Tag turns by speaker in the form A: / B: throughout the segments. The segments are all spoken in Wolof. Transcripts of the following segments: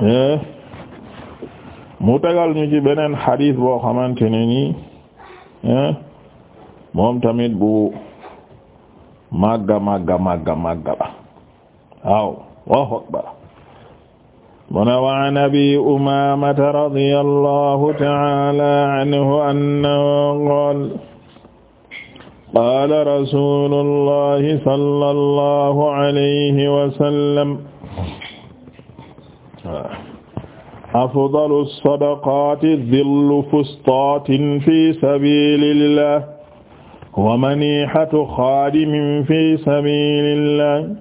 A: Eh? mu tegal ñu ci beneen xadis boo xamante ne nii eh? moom tamit bu màgga màgga màgga màgga la waaw Allahu akbar mu ne wa an abi umamata radiyallahu ta'ala anhu annahu qaala qaala rasulullahi sallallahu alayhi wa sallam afdalu sadaqaati dillu fustaatin fi sabilillah wa maniihatu xaadimin fi sabilillah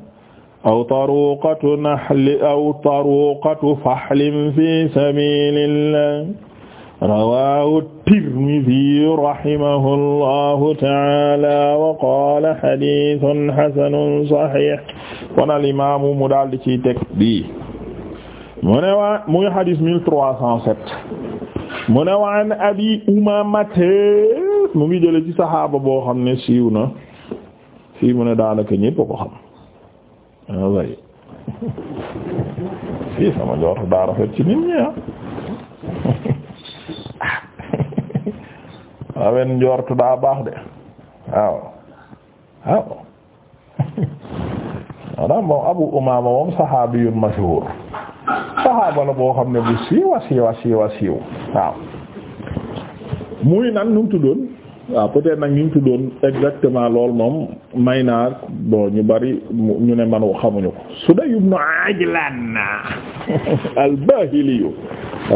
A: aw taruuqatu naxli aw taruuqatu faxlin fi sabilillah rawaahu tirmidi rahimahullahu taala wa qaala xadiisun xasanun saxiix kon al imaamu mu daal di ciy teg bi mu ne waa muy xadis mille trois cent sept mu ne waa ne abi umamate mu ngi jële ci saxaaba boo xam ne siiw na fii mu ne daanaka ñépp ko xam a ah, way daa rafet ci nit ñi ah. baax de waaw waaw maanaam moom abu umama moom saxaabiyun mashhur saxaaba la boo xam ne bu siiwa siiwa siiwa siiw waaw muy nag nu mu tuddoon waaw peut tuddoon exactement lool moom may naa bon ñu bari ñu ne man xamuñu ko Suday ibn Ajlan al-Bahili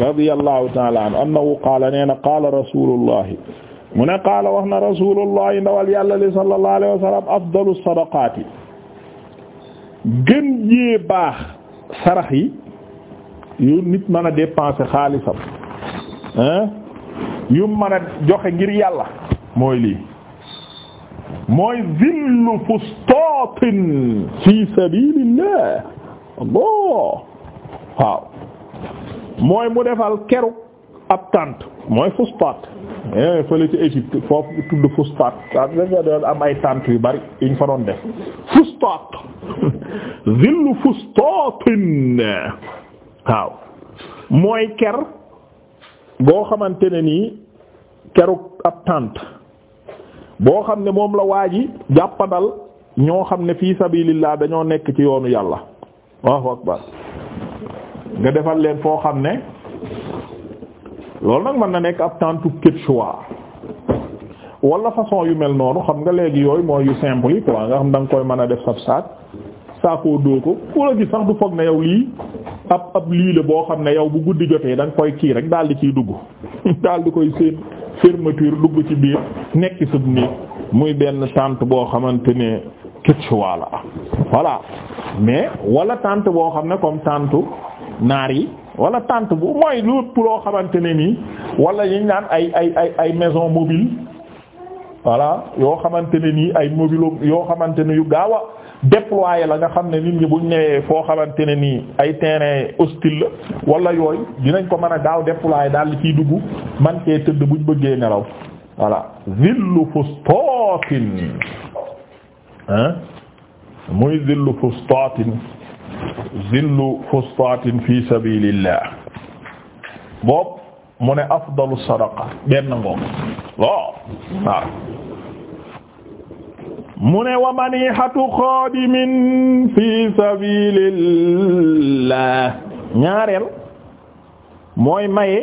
A: radiyallahu ta'ala anhu annahu qaala nee na qaala mu ne qaala wax na rasulullahi ndawal yàlla li sallallahu alayhi wa sallam afdalu sadaqaati baax sarax yu nit man a dépenser xaalisam hein yu mën a joxe ngir yàlla mooy lii mooy zillu fustaatin fi sabilillah Allah waaw mooy mu defal keru ab tànt mooy fustat eh, fële ci Égypte foofu tudd fustat a ay tànt yu bari yuñ fa doon def fustat zillu fustatin waaw mooy ker boo xamante ne nii keru ab tànt boo xam ne moom la waa ji jàppandal ñoo xam ne fii sabilillah dañoo nekk ci yoonu yàlla waaw akbar nga defal leen foo xam ne loolu nag mën na nekk ab tàntu Quechua wala façon yu mel noonu xam nga léegi yooyu mooy yu simple yi quoi nga xam da nga koy mën a def sab saak saakoo doo ko ku la gis sax du foog ne yow lii ab ab lii la boo xam ne yow bu guddi jotee da nga koy kii rek daal di ciy dugg daal di koy seen fermeture dugg ci biir nekk sub néeg muy benn tente boo xamante ne kiccwaa la mais wala tànt boo xam ne comme tente naar yi wala tente bu mooy lu loo xamante ne nii wala yiñ naan ay ay ay ay maison mobile voilà yoo xamante ne nii ay mobilo yoo xamante ne yu gaaw a déployer la nga xam ne nit ñi buñ ñëwee foo xamante ne nii ay terrain hostile la wala yooyu dinañ ko mën a gaaw déployer daal di ciy dugg man cee tëdd buñ bëggee nelaw voilà zillu fustaatin hein muy zillu fustaatin zillu fustaatin fi sabilillah bopp mu ne afdalu sadaqa benn ngoom loo waaw mu ne wa manihatu xadimin fi sabilillah ñaareel mooy maye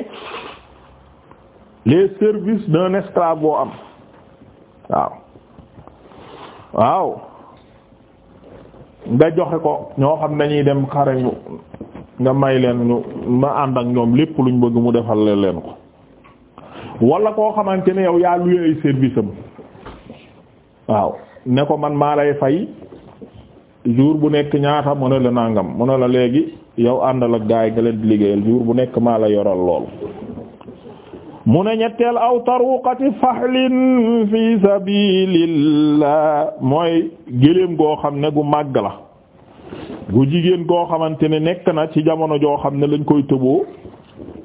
A: les services d'un esclave am waaw waaw nga joxe ko ñoo xam nañuy dem xare nga may leen ñu ma ànd ak ñoom lépp luñ bëgg mu defal leen ko wala koo xamante ne yow yaa luye ay service waaw ne ko man maa lay fay jour bu nekk ñaata mu ne la nangam mu ne la léegi yow àndal ak gaay nga leen liggéeyal jour bu nekk maa la yoral lool mu ne ñetteel aw taruqati fahlin fi sabilillah mooy géléem goo xam ne gu màgg la gu jigéen goo xamante ne nekk na ci jamono joo xam ne lañ koy tëboo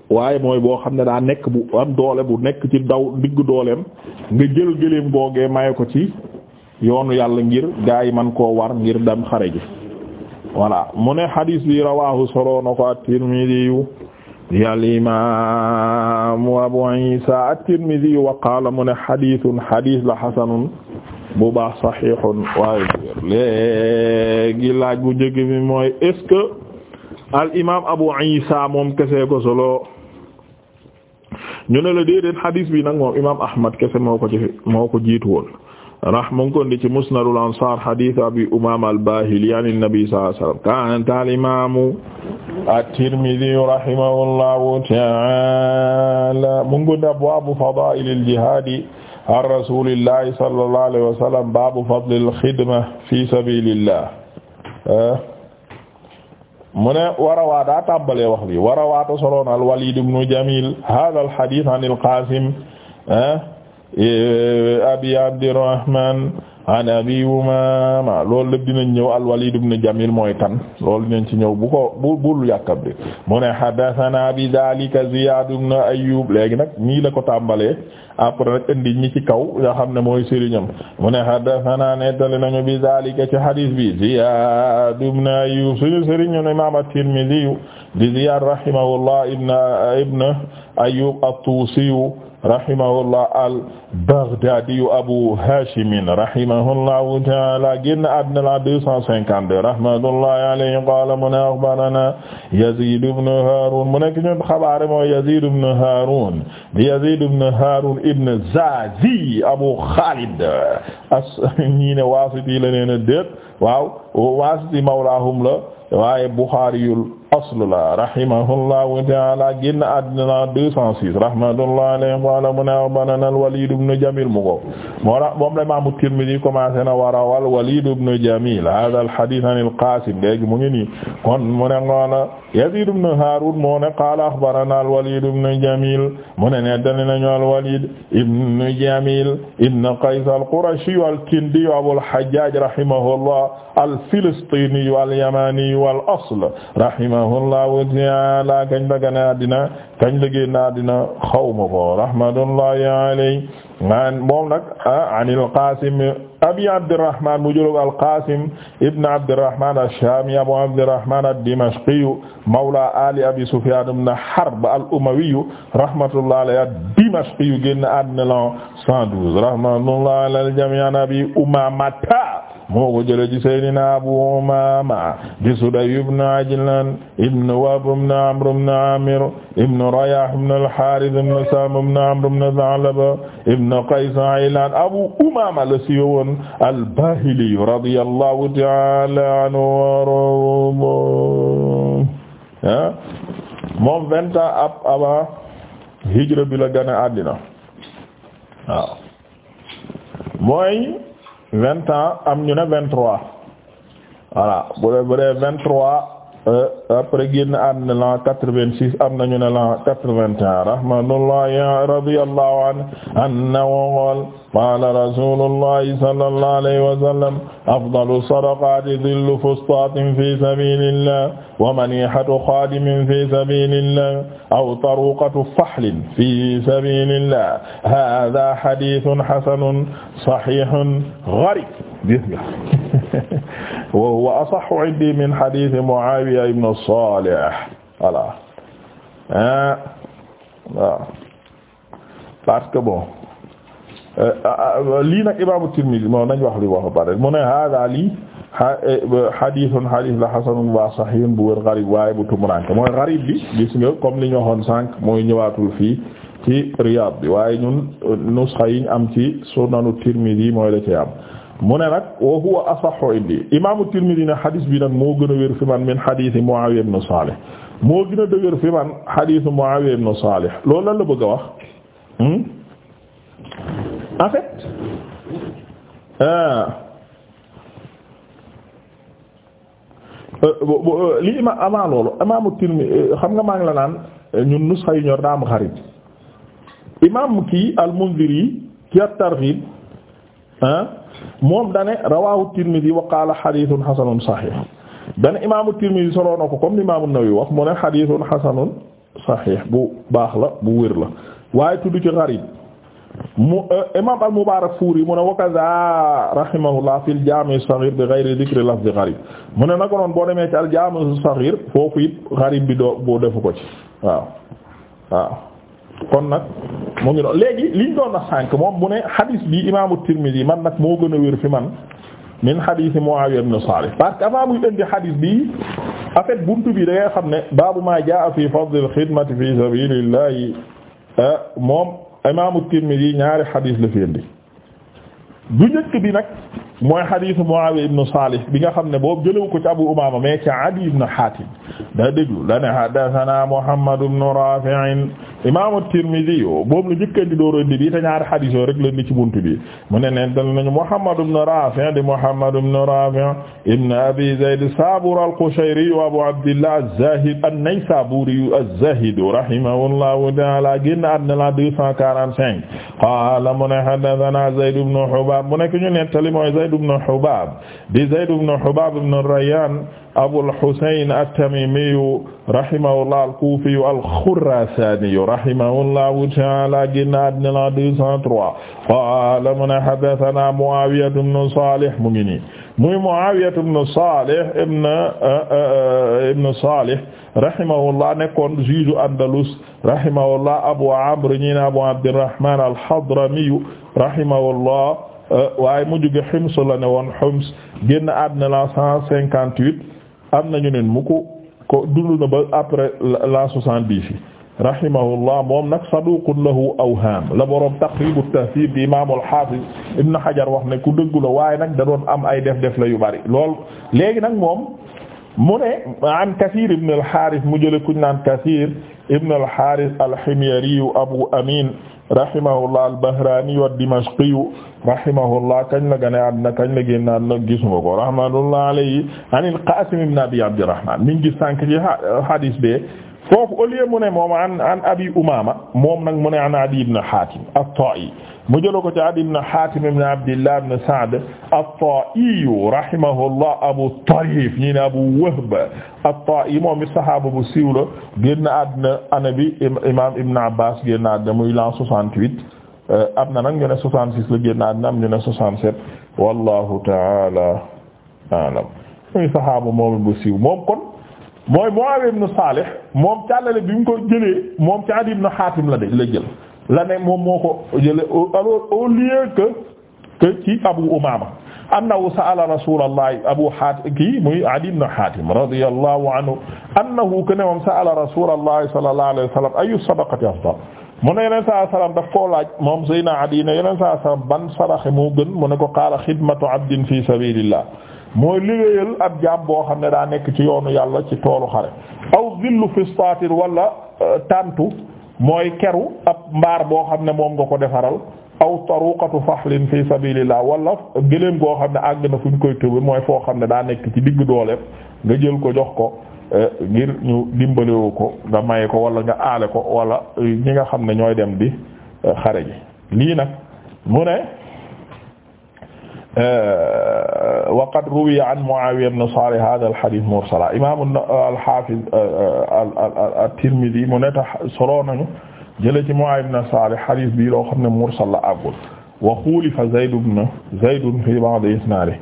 A: waaye mooy boo xam ne daa nekk bu am doole bu nekk ci daw diggu dooleem nga jël gëléem googee maye ko ci yoonu yàlla ngir gaa yi man koo war ngir dem xare ji voilà mu ne xadiis bi rawaahu solo na ko at-Tirmidhi yu di al imaamu Abu Isa at-Tirmidhi yu wa qaala mu ne xadiisun xadiis la xasanun bu baax saxiixun waaye léegi laaj bu njëkk bi mooy est al imaam Abu Isa moom kese ko solo ñu ne la déedéet bi nag moom imaam Ahmad kese moo ko ci moo ko jiitu woon ko indi ci musnadul ansaar hadith abi umaama al-baahili an nabi sallallahu alayhi wa sallam kaana al imaamu at-tirmidhi rahimahullahu ta'ala mu ngi ko abwaabu jihaad an rasulillahi sallallahu alayhi wa sallam baabu fadlil xidma fi sabilillah mu ne warawaa daa tàmbalee wax bi warawaata soloon alwalid ibnu jamil hada alhadith an alqasim abi abdirahman an abi umama loolu lépp dinañ ñëw alwalid ibnu jamil mooy kan loolu dinañ ci ñëw bu ko bu bul yàkkab de mu ne hadathana bi dhalika ziyad ibnu ayyub léegi nag nii la ko tàmbalee après rek indi ñi ci kaw nga xam ne mooy sëriñam mu ne haddathana nettali nañu bi zalika ci hadith bi Ziyad ibn Ayyub suñu sëriñ ñu imam at-Tirmidhi di Ziyad rahimahullah ibn ibn Ayyub at-Tusi rahimahullah al-Baghdadi Abu Hashim rahimahullahu ta'ala génn àddina la 252 rahmatullahi alayhi qala mu ne akhbarana Yazid ibn Harun mu nekk ñu xabaar mooy Yazid ibn Harun Yazid ibn Harun ibn Zazi Abu Khalid as ñi ne Wasiti la nee na déet waaw Wasiti mawlahum la waaye Bukhari aslula rahimahullahu taala génn àddina 206 rahmatullahi alayhi qala mu ne axbarana al-Walid ibn Jamil mu ko moo tax moom la Imam Tirmidhi commencé na war a wal Walid ibn Jamil hadha al-hadith an al-Qasim léegi mu ngi nii kon mu ne qaala Yazid ibn Harun moo ne qaala axbarana al-Walid ibn Jamil mu ne nettali nañu al-Walid ibn Jamil ibn Qays al-Qurashi al-Kindi Abu al-Hajjaj rahimahullah al-Filistini wal-Yamani wal-asl rahimahullahu ta'ala kañ la gane àddina kañ la génn àddina xawma ko rahmatullahi alayhi moom nag ah, anil Qasim abi Abdurrahman mu jëlog al-Qasim ibn Abdurrahman ash-Shami abu Abdurrahman ad-Dimashqi mawla ali abi Sufyan ibn Harb al-Umawi rahmatullahi alayhi ad-Dimashqi génn àddina la 112 rahmatullahi ala al-jami' abi Umamata moo ko jëlee ci Seydina Abu Umaama di Sudayy ibn Ajlan ibn Wahb ibn Amr ibn Aamir ibn Rayah ibn al-Haarith ibn Saam ibn Amr ibn Tha'laba ibn Qays Aylaan Abu Umaama la siiwoon al-Baahili radiyallahu ta'ala anhu moom vingt ans ab avant hijra bi la gane àddina waaw mooy vingt ans am ñu ne vingt trois voilà bu dee vingt trois euh, après génn am na l'an quatre-vingt-six am nañu ne l'an quatre-vingt-un rahmatullahi radiyallahu anhu qaala rasuulullaahi sallallaahu alayhi wa sallam afdalu sadaqaati dillu fustaatin fi sabiilillaah wa maniihatu xaadimin fi sabiilillaah aw taruuqatu fahlin fi sabiilillaah haazaa hadiisun hasanun sahiihun gariib wa huwa asahhu indii min hadiisi Mu'aawiya ibn Saalih voilà ah, parce que bon. lii nag imaamu Tirmidhi moo nañ wax li wax ba pare mu ne hada lii eh, hadithun hadith la hasanun wa sahihun bu wër gharib waaye bu tumuranke mooy gharib bi gis nga comme li ñu waxoon sànq mooy ñëwaatul fii ci Riyad bi waaye ñun uh, nusxa yiñ am ci sunanu Tirmidhi mooy la ci am mu ne nag wa huwa asahhu indi imaamu Tirmidhi ne hadith bi nag moo gën a wér fi man min hadith Muawiya ibn Salih moo gën a dëgër fi man hadith Muawiya ibn Salih loolu lan la bëgg wax hmm? Ah. en euh, euh, li ima avant loolu imaamu Tirmidhi euh, xam nga maa ngi la naan ñun nusxa yu ñor daa am xarit imaam kii al-Mundhiri ki at-Targhib ah, moom dane rawahu Tirmidhi wa qaala hadithun hasanun dane imaamu Tirmidhi soloo ko comme li imaamu Nawawi wax mu ne hadithun hasanun sahih bu baax la bu wér la waaye tudd ci xarit mu euh, imam al Mubarak Fuuri mu ne wa kaza rahimahullah fi al jaami as-saghir bi ghayri dhikri lafzi gharib mu ne naka noonu boo demee ci al jaami as-saghir foofu bi doo boo defu ko ci waaw waaw kon nag mu ngi doon léegi liñ doon na moom mu ne hadith bi imaamu Tirmidhi man nag moo gën a fi man min hadith Muawiya ibn Salih parce que avant muy hadith bi en buntu bi da ngay xam ne baabu ma jaa fi fadl al-khidmati fi sabilillahi euh, moom imaamu Tirmidhi ñaari xadiis la fi indi bu njëkk bi nag mooy xadiisu Muawiya ibn Salih bi nga xam ne boobu jëlewu ko ci Abu Umaama mais ci Adi ibn Hatim daa déglu la ne haddathana Muhammad ibn Rafi' imam At-Tirmidhi boobu la njëkk di door indi bi te ñaari xadiis yoo rek la indi ci buntu bi mu ne neen dal nañu Muhammad ibn Rafi' di Muhammad ibn Rafi' ibn Abi Zayd Sabur al-Qushayri wa Abu Abdillah az-Zahid an-Naysaburi az-Zahid rahimahullahu ta'ala génn àddina la 245 qala mu ne haddathana Zayd ibn Hubaab mu nekk ñu nettali mooy Zayd Zayd ibn Hubaab di Zayd ibn Hubaab ibn Rayaan Abul Husayn at-Tamiimiyu rahimahullah al-Kuufiyu al-Khuraasaaniyu rahimahullahu ta'aala génnaat na la 203 qaala mu ne haddathanaa Mu'aawiya ibn Saalih mu ngi nii muy Mu'aawiya ibn Saalih ibn uh, uh, uh, ibn Saalih rahimahullah nekkoon juge Andalus rahimahullah Abu Amr ñi na Abu Abdirrahmaan al-Hadramiyu rahimahullah Euh, waaye mu jóge Hims la ne woon Hims génn àddina la cent cinquante huit am nañu ne mu ko ko dund na ba après la soixante dix yi rahimahullah moom nag saduqun lahu awham la boroom Taqrib at-Tahdhib bi imam al-Hafiz wax ne ku dëggu la waaye nag da am ay def-def la yu bari lool léegi nag moom mu ne an Kathir ibn al-Harith mu jële kuñ naan Kathir ibn al-Harith al-Himyari Abu Amin rahimahullah al-Bahrani wa ad-Dimashqi rahimahullah kañ la gane àddina kañ la génn àddina gisuma ko rahmatullah alayhi an al-Qasim ibn Abi Abdirrahman mi ngi sànk ci hadis bi foofu au lieu mu ne moom an an Abi Umama moom nag mu ne an Adi ibn Hatim at-Ta'i mu jël ko ci Adiy ibn Hatim ibn Abdillah ibn Sa'd at-Ta'i rahimahullah Abu Tarif ñi ne Abu Wahb at-Ta'i moom it sahaaba bu siiw la génn àddina année bi imam Ibn Abbas génn àddina muy l'an 68 euh, am na nag ñu ne 66 la génn àddina am ñu ne 67 wallahu ta'ala a'lam muy sahaaba moom bu siiw moom kon mooy Muawiya ibn Salih moom càllale bi mu ko jëlee moom ci Adiy ibn Hatim la jël la ne moom moo ko jële alors au lieu que que ci Abu Umaama Abu Hatim kii muy Adi ibn Hatim radiyallahu anhu annahu kana moom sa'ala rasulallahi sallallahu alayhi wa sallam ayu sadaqati afdal mu ne yeneen saa salaam daf koo moom Seydina Adi ne yeneen saa salaam ban saraxe moo gën mu ko qaala xidmatu abdin fi sabilillah mooy liggéeyal ab jaam boo xam ne daa nekk ci yoonu yàlla ci toolu xare aw zillu fistaatin wala euh, tantu mooy keru ab mbaar boo xam ne moom nga ko defaral aw taruqatu fahlin fi sabilillah wala gëléem goo xam ne àgg na fu ñu koy tëbe mooy foo xam ne daa nekk ci diggu dooleem nga jël ko jox ko eh, ngir ñu dimbalewu ko nga maye ko wala nga aale ko wala ñi nga xam ne ñooy dem di eh, xare ji lii nag mu ne Euh, waqad ruwiya an Muawiya ibn Salih haaza al-hadiis mursala imaam al-Haafiz euh, euh, at-Tirmidhi mu ne tax solo nañu jëlee ci Muawiya ibn Salih hadiis bii loo xam ne mursal la àggul wa xulifa Zayd ibn Zayd fi ba'd isnaadihi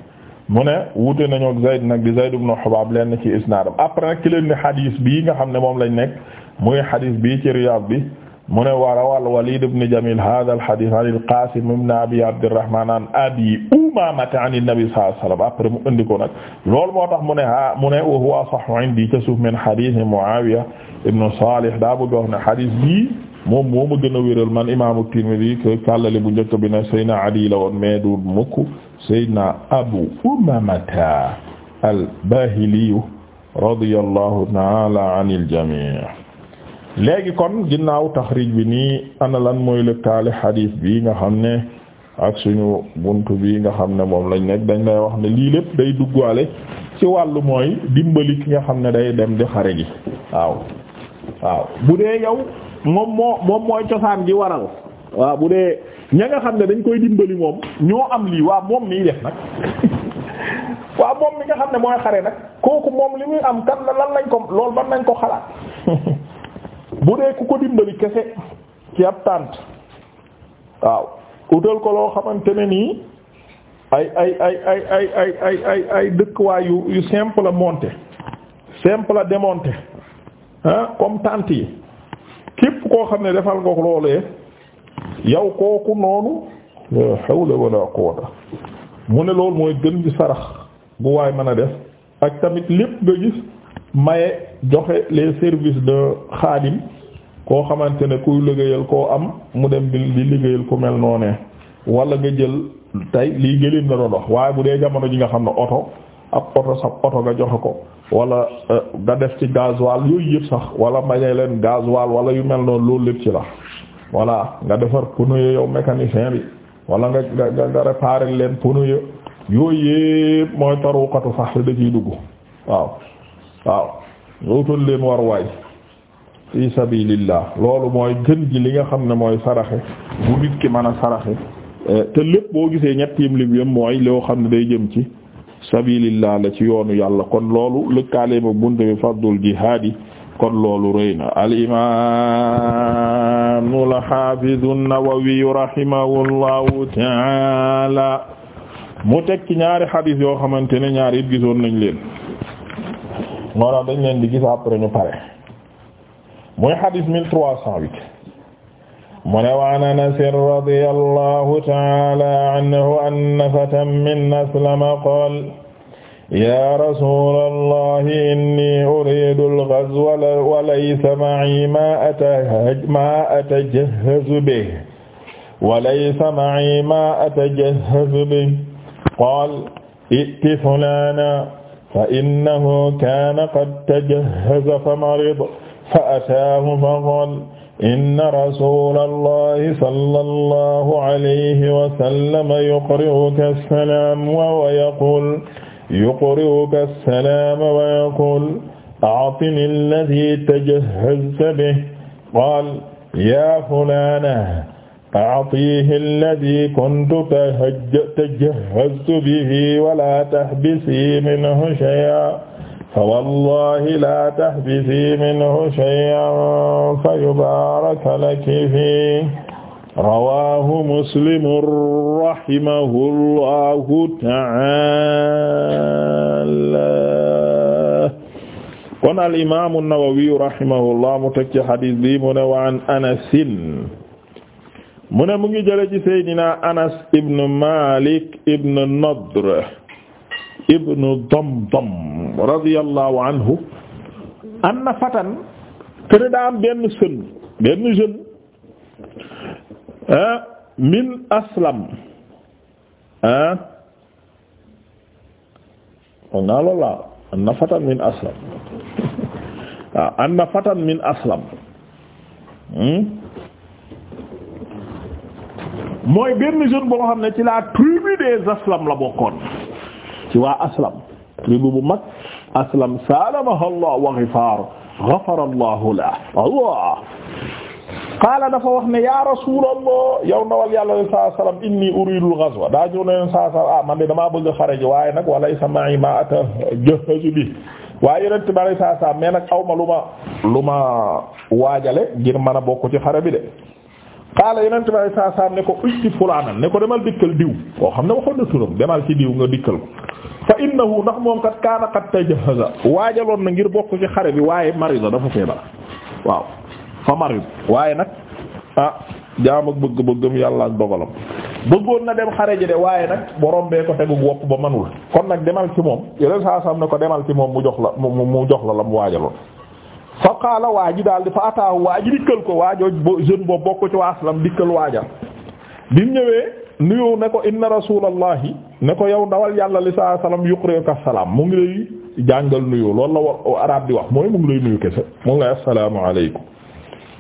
A: mu ne wuute nañu ak Zayd nag di Zayd ibn Hubaab leen ci isnaadam après nag ci leen ne hadiis bii nga xam ne moom lañ nekk muy hadiis bii ci Riyaad bi. mu ne warawal Walid ibn Jamil hadha al-hadith an al-Qasim ibn Abi Abdurrahman an Abi Umamata an an-Nabi sallallahu alayhi wa sallam après mu indi ko nag loolu moo tax mu ne ha mu ne wa huwa sahhu indi ca suuf min hadith Muawiya ibn Salih daa bëgg wax ne hadith bii moom moo ma gën a wéral man imaamu Tirmidhi que kàllale bu njëkk bi ne Seydina Adi la woon mais du mukk Seydina Abu Umamata al-Bahili radiyallahu ta'ala anil jami' léegi kon ginnaaw taxrij bi nii ana lan mooy lëkkaale xadiis bi nga xam ne ak suñu bunt bi nga xam ne moom lañ nekk dañ lay wax ne lii lépp day duggaale ci wàllu mooy dimbali ki nga xam ne day dem di xare gi waaw waaw bu dee yow moom moo moom mooy cosaan gi waral waa bu dee ña nga xam ne dañ koy dimbali moom ñoo am lii waa moom miy def nag waaw moom mi nga xam ne mooy xare nag kooku moom li muy am kan lan lañ ko lool ban nañ ko xalaat bu dee ku ko dimbali kese ci ab tànt waaw utal ko loo xamante ne nii ay ay ay ay ay ay ay ay ay dëkkuwaay yu yu simple à monter simple à démonter comme tànt yi képp koo xam ne defal nga loolee yow kooku noonu la hawla wala quwwata mu ne loolu mooy gën di sarax bu waay mën a def ak tamit lépp nga gis maye joxe les services de xaadim koo xamante ne kuy liggéeyal koo am mu dem di di liggéeyal ku mel noonee wala nga jël tey lii gëléem la doon wax waaye bu dee jamono ji nga xam ne oto ab oto sa oto nga joxe ko walla euh, nga def ci gasoil yooyu yëpp sax wala mañee leen gasoil wala yu mel noonu loolu lépp ci la voilà nga defar pneu yow mécanicien bi wala nga nga nga réparer leen pneu yooyu yëpp mooy taruqatu fax da ciy dugg waaw waaw yowtal leen war waay fi sabilillah loolu mooy gën ji li nga xam ne mooy saraxe bu nit ki mën a saraxe eh, te lépp boo gisee ñettiim lim yëm mooy loo xam ne day jëm ci sabilillah la ci yoonu yàlla kon loolu lëkkaale ma bunte bi fadlul jihaad yi kon loolu rëy na al imamu al hafiz an-Nawawi rahimahullahu taala mu teg ci ñaari xadis yoo xamante ne ñaari it gisoon nañ leen moo tax dañ leen di gis après ñu pare mooy xadis mille trois cent huit mu ne waan Anas radiyallahu ta'ala anhu anna fatan min Aslama qaala yaa rasuulallahi inni uriidu al-ghazwa wa laysa ma'i maa atajahhazu bihi wa laysa ma'i maa atajahhazu bihi qaala i'ti fulaanan fa innahu kaana qad tajahhaza fa marida fa ataahu fa qaal inna rasulallahi sallallahu alayhi wa sallam yuqri'uka as-salaam wa yaqul yuqri'uka as-salaam wa yaqul a'tini alladhi tajahhazta bihi qaal yaa fulaana a'tihi alladhi kuntu tajahhaztu bihi wa laa tahbisi minhu shay'an fa wallahi la tahbisi minhu shay'an fa yubaraka laki fi rawahu muslimun rahimahullahu ta'ala kon al imaamu nawawi rahimahullah mu teg ci xadis bi mu ne wa an anasin mu ne mu ngi jële ci saydina anas ibn malik ibn nadr ibnu Damdam radiyallahu anhu anna fatan kër daa benn sën benn jeune ah min aslam ah on loolu laa anna fatan min aslam waaw ah, anna fatan min aslam hmm? mooy benn jeune boo xam ne ci la tribu aslam la bokkoon. ci waa aslam tribu bu mag aslam salamaha allah wa ghifar ghafara allahu la allah qaala dafa wax ne ya rasulallah yow ndawal yàlla alai saai sallam inni uridu al-ghazwa daa ñëw na leen saa sallam ah man de damaa bëgg xareji waaye nag walaysa ma'i ma atajahazu bi waaye bi alai saa salaam mais nag awma lu ma lu ma waajale ngir mën a bokk ci xare bi de qaala yonent bi alai saa ne ko utti fulaanan ne ko demal dikkal diw koo xam ne waxoon na turam demal ci diw nga dikkal fa innahu ndax moom kat kaana qad tajahaza waajaloon na ngir bokk ci xare bi waaye marida dafa feebar waaw fa marid waaye nag ah jaam ak bëgg-bëggam yàlla ak dogalam bëggoon na dem xare ji de waaye nag boroom bee ko tegu wopp ba manul kon nag demal ci moom yeneen saa sam ne ko demal ci moom mu jox la mu mu jox la la mu waajaloon fa qaala waa ji daal di fa ataahu waa dikkal ko waajooj jeune boo bokk ci waaslam dikkal waajal bi mu ñëwee nuyoo ne ko inna rasulallahi ne ko yow dawal yàlla li saa salaam yuqri'uka salaam mu ngi lay jàngal nuyu loolu la war arab di wax mooy mu ngi lay nuyu kese mu ngi lay assalaamu aleykum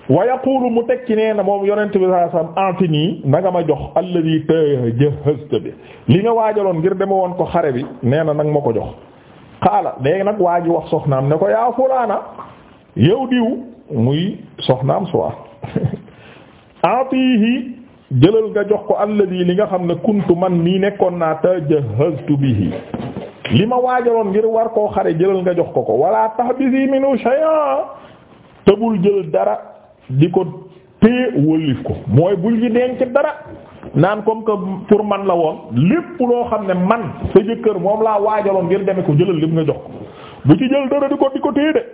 A: wa yaqulu mu tekki nee na moom yonent bi saa salaam antini na nga ma jox alladhi tajahhazta bi li nga waajaloon ngir deme woon ko xare bi nee na nag ma ko jox. xaala léegi nag waa ji wax soxnaam ne ko yaa fulaana yow diw muy soxnaam soit atihi jëlal nga jox ko alladi li nga xam ne kuntu man nii nekkoon naa tajahaztu bihi li ma waajaloon ngir war koo xare jëlal nga jox ko ko wala tax minu shay'a te bul jël dara di ko téye wëllif ko mooy bul yi denc dara naan comme que pour man la woon lépp loo xam ne man sa jëkkër moom laa waajaloon ngir deme ko jëlal lépp nga jox ko bu ci jël dara di ko di ko téye de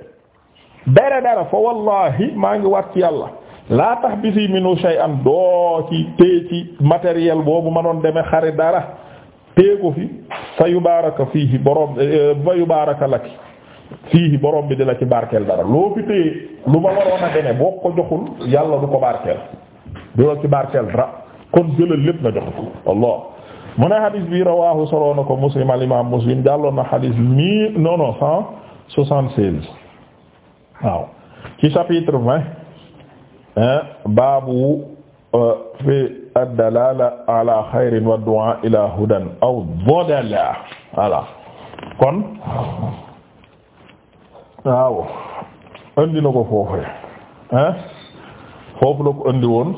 A: dara dara fa wallahi maa ngi waat ci yàlla laa tax bisi minu shay an doo ci téye ci matériel boobu ma doon demee xare dara téye ko fi sa yu baaraka fiihi borom ba eh, yu baaraka la ki fiihi borom bi di la ci barkeel dara loo fi téye lu ma waroon a demee boo ko joxul yàlla du ko barkeel du la ci barkeel dara kon jëlal lépp nga jox ko mu ne xadis bi rawaahu soloo na ko muslim al imam muslim jàlloon na xadis mille cent soixante seize waaw ci chapitre vingt baabu euh, fi ad ala xayrin wa ila hudan aw dalala kon waaw andi na ko foofu hein foofu la ko andi woon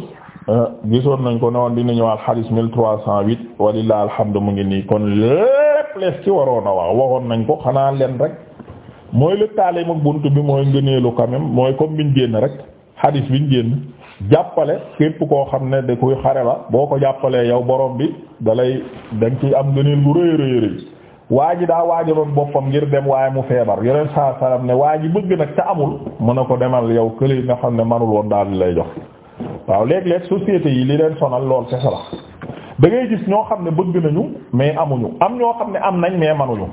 A: gisoon nañ ko ne woon dina ñëwaat xadis mille trois cent huit walillahi alhamdu mu ngi nii kon lépp lees ci waroon a wax waxoon nañ ko xanaa leen rek mooy lëkkaale mag bunt bi mooy ngëneelu quand mooy comme biñ génn rek xadis biñ génn jàppale képp koo xam ne da koy xare la boo ko jàppalee yow boroom bi dalay da nga am gëneel gu rëy rëy rëy waa ji daa waajaloon boppam ngir dem waaye mu feebar yeneen saa salam ne waa ji bëgg nag te amul mën a ko demal yow kële nga xam ne manul woon daal di lay jox waaw léeg-léeg sociétés yi li leen sonal lool c'est ça da ngay gis ñoo xam ne bëgg nañu mais amuñu am ñoo xam ne am nañ mais manuñu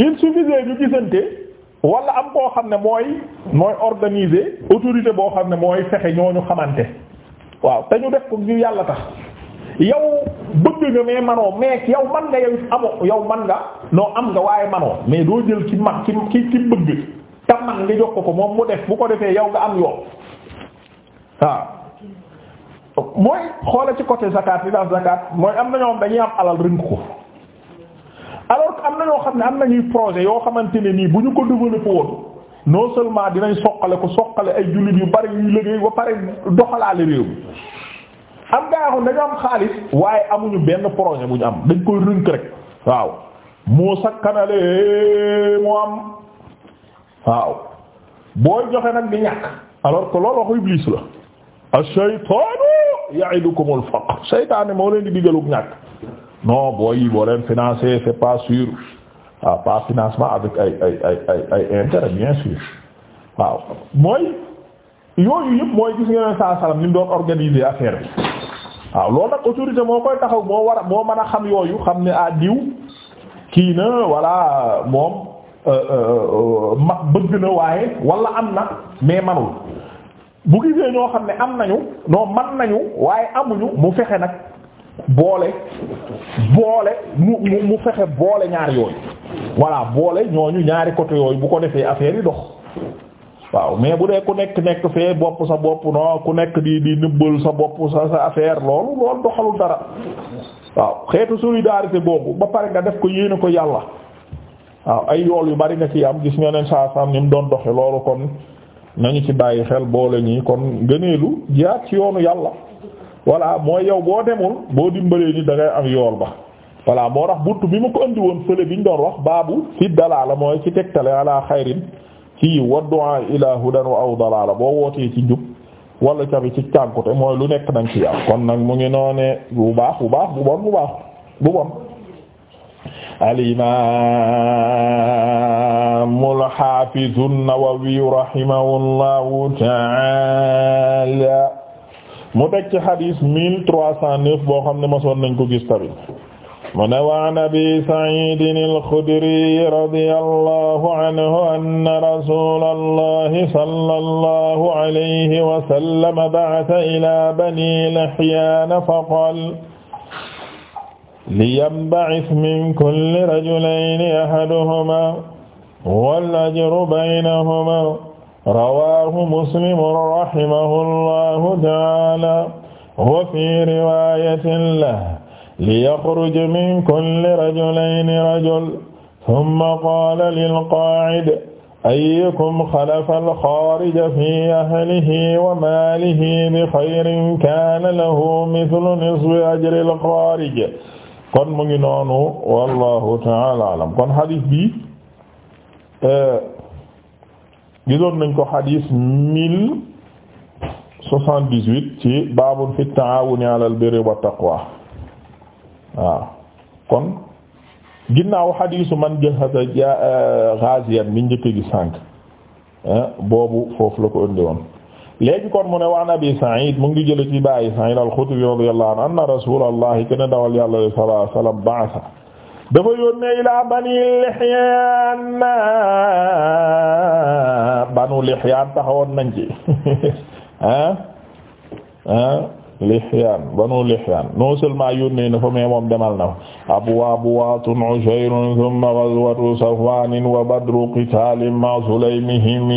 A: il suffisait ñu gisante. wala am koo xam ne mooy mooy organiser autorité boo xam ne mooy fexe ñooñu xamante waaw te ñu def ko ñu yàlla tax yow bëgg nga mais manoo mais yow man nga yow amoo yow man nga noo am nga waaye manoo mais doo jël ki man ci ci mu bëgg tam man nga jox ko ko moom mu def bu ko defee yow nga am yoon waaw mooy xoola ci côté zakat li daal zakat mooy am na ñoom dañuy am alal rënk ko alors que am na ñoo xam ne am nañuy projet yoo xamante ne nii bu ñu ko développé woon non seulement dinañ soqale ko soqale ay jullit yu bari yuy liggéey ba pare doxalaale réew mi am gaa xam dañu am xaalis waaye amuñu benn projet bu ñu am dañ koy rënk rek waaw mu sakkanale moo am waaw booy joxe nag di ñàkk alors que loolu waxu Iblis la. as-shaytaanu ya'idukumul faqr seytaane moo leen di digalug ñàkk. non booy yi boo leen financer c'est pas sûr waaw ah, pas financement avec ay ay ay ay ay intérêt bien sûr waaw mooy yooyu yëpp mooy gis nga ne saa salaam ni mu doon organiser affaire bi waaw loolu nag autorité moo koy taxaw moo war a moo mën a xam yooyu xam ne a ah, diw kii na walla moom euh, euh, ma bëgg na waaye walla am na mais manul bu gisee ñoo xam ne am nañu non man nañu waaye amuñu mu fexe nag. boole boole mu mu mu fexe boole ñaar yooyu voilà boole ñooñu ñaari côté yooyu bu ko defee affaire yi dox waaw mais bu dee ku nekk nekk fee bopp sa bopp non ku nekk di di nëbbal sa bopp sa sa affaire loolu loolu doxalul dara waaw xeetu solidarité boobu ba pare nga def ko yéene ko yàlla waaw ay yool yu bari nga ci am gis nga ne saa saa ni mu doon doxe loolu kon nañu ci bàyyi xel boole ñi kon gëneelu jihaad ci yoonu yàlla. voilà mooy yow boo demul boo dimbalee ni da am yool ba voilà moo tax bunt bi mu ko andi woon fële bi wax baabu fi dalaala mooy ci tegtale ala xayrin ci wa du'a ila hudan wa aw dalaala boo wootee ci njub wala cabi ci càggute mooy lu nekk nañ ci yàlla kon nag mu ngi noone bu baax bu baax bu bon bu baax bu bon al imaam ta'ala mu teg ci xadis mille trois cent neuf boo xam ne mosoon nañ ko gis tamit mu ne wa an abi saidin alxudri radiyallahu anhu anna rasulallahi sallallahu alayhi wa sallam ba'atha ila bani lihyan fa qala liyanba'ith min kulli rajulayni ahaduhuma wal ajru baynahuma rawaahu muslim rahimahullahu ta'aala wa fii riwaayatin lahu liyaxruj min kulli rajulayni rajul summa qaala lilqaa'id ayyukum xalafa alxaarija fii ahlihi wa maalihi bi xayrin kaana lahu mislu nisfi ajri alxaarij kon mu ngi noonu wallaahu ta'aala a'lam kon hadiis bi eh, gisoon nañ ko xadiis mille soixante-dix-huit ci baabun fi taawuni alal birri wa taqwa waaw kon ginnaaw xadiisu man jahaza euh, ghaziyan mi njëkk gi sànq eh, boobu foofu la ko indi woon léegi kon mu ne waan abi Sa'id mu ngi jële ci bàyyi Sa'id al-Khudri radiyallahu anhu anna rasulullahi kenn dawal yàlla sallallahu alayhi wa sallam ba'atha dafa yónnee ilaa bani Lihyaan banu Lihyaan taxawoon nañ ci ah ah Lihyaan banu Lihyaan non seulement yónnee na fa mais moom demal na fa abwaabu waatun ushayrun thumma ghazwatu safwaanin wa badru qitaalin ma'a sulaymihim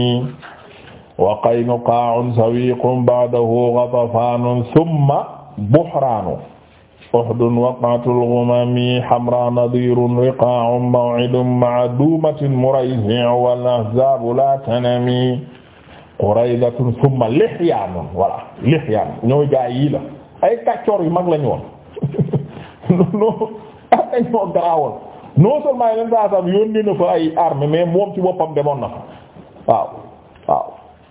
A: wa qaynuqaa'un sawiiqun ba'dahu ghatafaanun thumma buhraanun ohdun waqatul ghumami hamra nadirun riqa'un maw'idun ma'a dumatin murayzi'un wal ahzabu la tanami quraydatun thumma lihyanun wala lihyan ñoo jaay yi la ay kàccoor yu mag lañu woon non dañoo garaawoon non seulement yeneen saa sax yónni fa ay armes mais moom ci boppam demoon na fa waaw waaw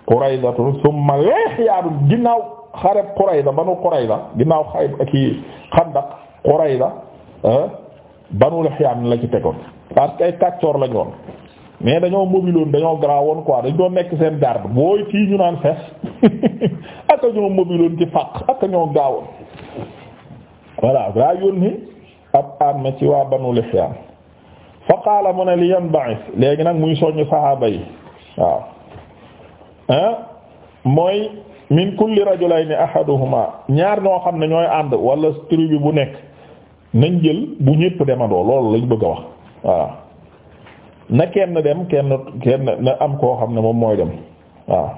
A: quraydatun thumma xareb Qurayza banu Qurayza ginnaaw xayb ki xandak Qurayza eh, banu Hilyaan la ci tegoon parce ay kàccoor lañu mais dañoo mobiloon dañoo garaawoon quoi dañ doon nekk seen garde booy tii ñu naan fees ak ñoo mobiloon ci fàq ak ñoo gaawoon voilà daa yónni ab armée ci waa banu Hilyaan fa qaala mu ne li yanba'is léegi nag muy soññ saxaaba yi waaw eh, mooy min kulli rajulayni ahaduhuma ñaar ñoo xam ne ñooy ànd walla tribu bu nekk nañ jël bu ñépp demandoo loolu lañ bëgg a wax waaw na kenn dem kenn kenn na am koo xam ne moom mooy dem waaw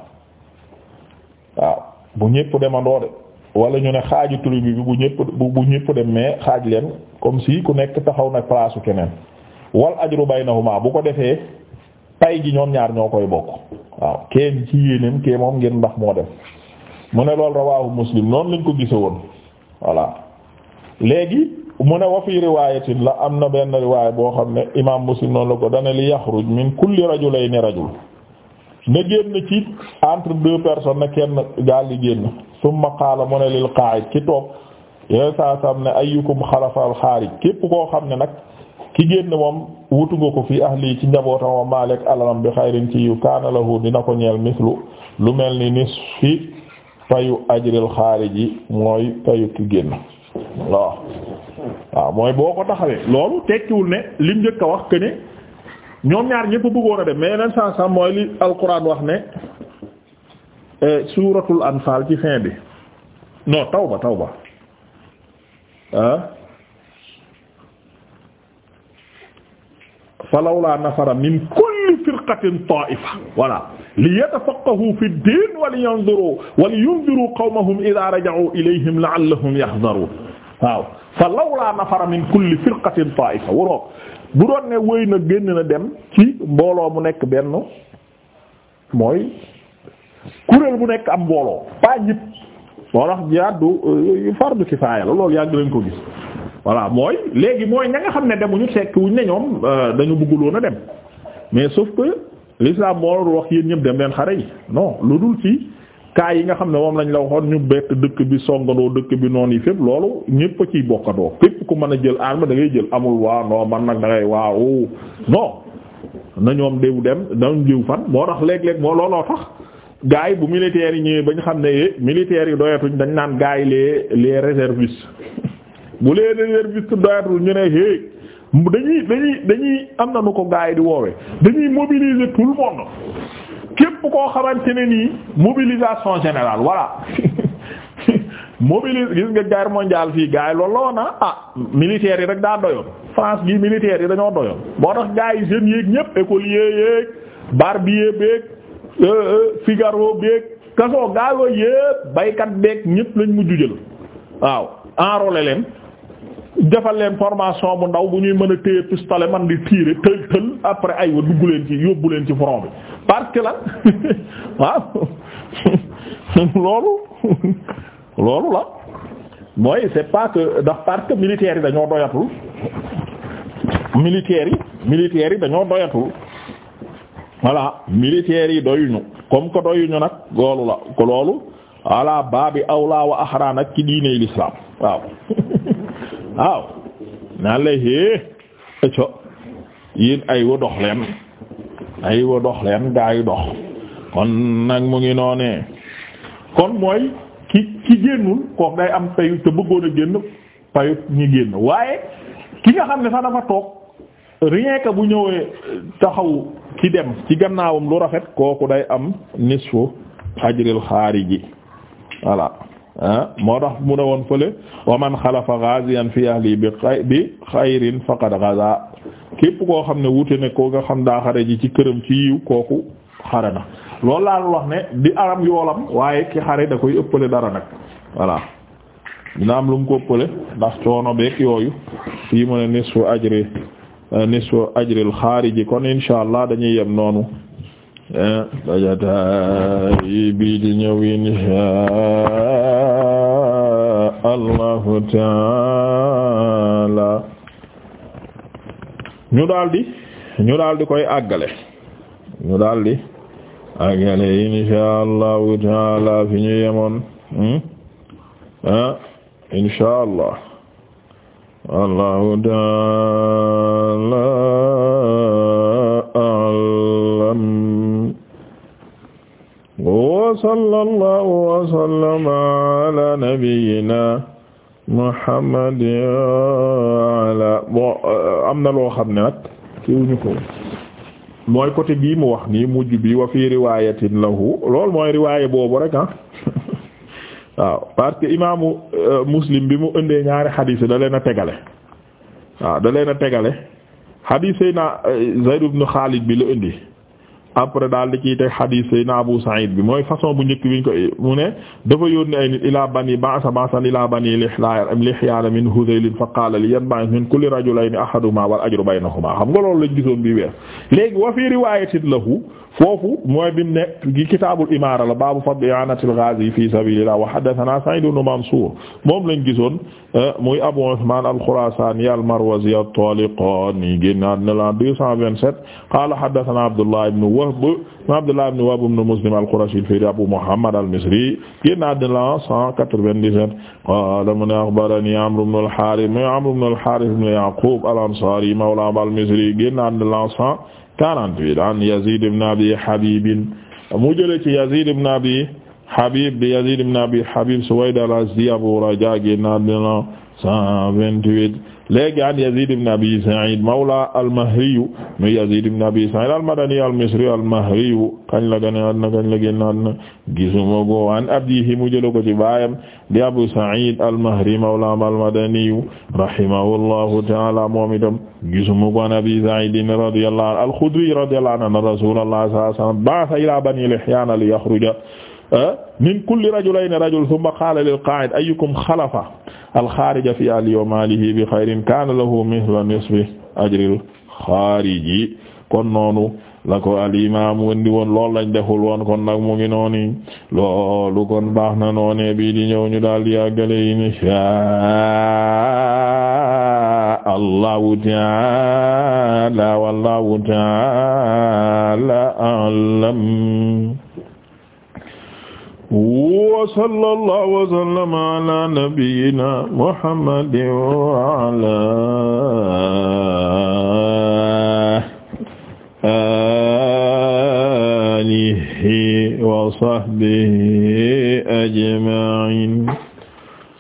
A: waaw bu ñépp demandoo de wala ñu ne xaaju tribu bi bu ñépp bu ñépp dem mais xaaj leen comme si ku nekk taxaw na place keneen wal ajru baynahuma bu ko defee pay gi ñoom ñaar ñoo koy bokk waaw kenn ci yéenéem kee moom ngeen ndax moo dem mu ne loolu rawaahu muslim noonu lañ ko gise woon voilà léegi mu ne wa fi riwaayatin la am na benn riwaay boo xam ne imaam muslim noonu la ko dana li yaxruj min kulli rajulayni rajul na génn ci entre deux personnes na kenn gaal di génn summa qaala mu ne lil qaa'id ki toog yooyu saa sam ne ayyukum xalafa al xaarij képp koo xam ne nag ki génn moom wutu nga ko fi ahli ci njabootam wa maalek alalam bi xayrin ci yu kaana dina ko ñeel mislu lu mel ni fii fayu ajril xaariji mooy fayu ki génn waaw waaw mooy boo ko taxawee loolu tekkiwul ne lim njëkk a wax que ne ñoom ñaar ñëpp bëggoon a dem mais yeneen saa saa mooy li alquran wax ne eh, suuratul anfaal ci fin bi non tawba tawba ah. falawlaa nafara min kulli firqatin taa'ifa voilà. li yatafaqqahu fi diin wa li yanzuru wa li yunziru qawmahum idha raja'u ilayhim waaw fa lawlaa nafara min kulli firqatin taa'ifa waroo bu doon dem ci mbooloo mu nekk benn mooy kuréel bu nekk am mbooloo pas ñëpp moo tax jihaad euh, la loolu yàgg lañ ko gis voilà mooy léegi mooy ña nga xam ne demuñu fekk wuñ ne ñoom euh, dañu loon a dem mais sauf que l'islam moo wax yéen ñëpp dem leen xare yi non lu dul ci cas yi nga xam ne moom lañ la waxoon ñu bett dëkk bi noo dëkk bi noonu yi fépp loolu ñëpp a ciy bokkandoo képp ku mën a jël arme da ngay jël amul waa non man nag da ngay waa o non na ñoom déw dem dañ jiw fan moo tax léeg-léeg moo looloo tax gars yi bu militaires yi ñëwee ba ñu xam ne eh militaires yi doyatuñ dañ naan gars yi lee les réservistes bu les réservistes doyatul ñu ne eh dañuy dañuy dañuy am na nu ko gaay di woowee dañuy mobiliser tout le monde képp koo xamante ne nii mobilisation général voilà mobilise gis nga guerre mondiale fii gaay loolu la woon ah, ah militaires rek daa doyoon France gi militaires yi dañoo doyoon boo tax gaay yi yéeg ñépp écolier yéeg barbier beeg euh, euh, Figaro beeg kasoo gaayoo yépp baykat beeg ñépp lañ mujju jël waaw enrôler leen defal leen formation bu ndaw bu ñuy mën a téye pistolet man di tirer tël tël après ay wa dugg leen ci yóbbu leen ci front bi parce que waaw loolu loolu la mooy c'est pas que ndax parce que yi dañoo doyatul militaires yi militaires yi dañoo doyatul voilà militaires yi doyuñu comme que doyuñu nag loolu la ko loolu ala baabi awla wa axraan ak ci diine l'islam waaw waaw naan lay hée ëcco yéen ay wa dox leen ay wa dox leen gaa yu dox kon nag mu ngi noonee kon mooy ki ki génnul kook day am payu te bëggoon a génn payu ñi génn waaye ki nga xam ne sax dafa toog rien bu ñëwee taxaw ki dem ci gannaawam lu rafet kooku day am nisfu ajril xaariji voilà Ah, moo tax mu ne woon fële wa man xalafa ghaziyan fi bi xayrin faqad ghaza képp koo xam ne wute ne koo nga xam daa xare ci këram ci yiw kooku xare na lool laa wax ne di aram yoolam waaye ki xare da koy ëppale dara nag voilà dina am lu ko ëppale ndax coono beek yooyu fi mu ne nisfu ajri nisfu ajril xaariji kon insha allah dañuy yem noonu bajataay bi di ñëw daldi koy àggale ñu daldi àggale allahu taala fi ñu yemoon hmm? ah, allahu taala sallallahu wa sallama ala nabiyyina Muhammad ala bon euh, am na loo xam ne nag kiiwuñu ko mooy côté bii mu wax nii mujj bi wa fi riwayatin lahu loolu mooy riwaaya boobu rek ah waaw parce que imaamu euh, Muslim bi mu indee ñaari xadiis da leen a tegale waaw da leen a tegale xadiis Seydina euh, Zayd ibn Xaalid bi la indi après daal di ciy teg xadiis Seydina Abu Saïd bi mooy façon bu njëkk biñ ko mu ne dafa yónni ay nit ilaa bani ba'sa ba'san ilaa bani Lihyaana min Hudayl fa qaala li yatba'a min kulli rajulayni ahaduhumaa wal ajru xam nga loolu lañ gisoon bi weer léegi wa fii riwaayatin lahu foofu mooy bi mu ne gi kitaabul imaara la baabu fadli i'aanatil ghaazi fi sabiilillah wa haddathanaa Sa'iid ibn Mansuur moom lañ gisoon eh, muy Abu Usmaan al-Khuraasaani al-Marwazi at-Taaliqaani génn na la 227 qaala haddathanaa Abdullah ibn Wahb Abdullah ibn Wahb ibn Muslim al-Qurashi al-Fihri Abu Muhammad al-Misri génn na la 197 qaala mu ne akhbaranii Amr ibn al-Haarith muy Amr ibn al-Haarith ibn Ya'quub al-Ansaari mawlaa al-Misri génn na la 100 48 an Yazid ibn Abi Habib mu jëlee ci Yazid ibn Abi Habib bi Yazid ibn Abi Habib Suwayd al-Azdi Abu Raja génnaat na 128 léegi an Yazid ibn Abi Sa'id mawla al-Mahri mu Yazid ibn Abi Sa'id al-Madani al-Misri al-Mahri kañ la génnaat na kañ la génnaat na gisuma ko an abiihi mu jëlee ko ci baayam di Abu Sa'id al-Mahri mawla al-Madani rahimahullahu ta'ala moom itam gisumu ko an abi saidin radiyallahu anhu al-Xudri radiyallahu anhu anna rasulallah sallallahu alayhi wa sallam ba'atha ila bani Lihyaana li yaxruja ah, min kulli rajulayni rajul thumma qaala lil qaa'id ayyukum xalafa al-xaarija fi ahlihi wa maalihi bi xayrin kaana lahu mithlu nisfi ajril xaariji kon noonu la ko al imaam wëndi woon lool lañ deful woon kon nag mu ngi noonu loolu kon baax na noonee bii di ñëw ñu daal di yàggale inshaa allahu taala wallahu taala alam wa sallallahu wa sallama ala nabiyyina muhammadin wa ala alihi wa sahbihi ajma'in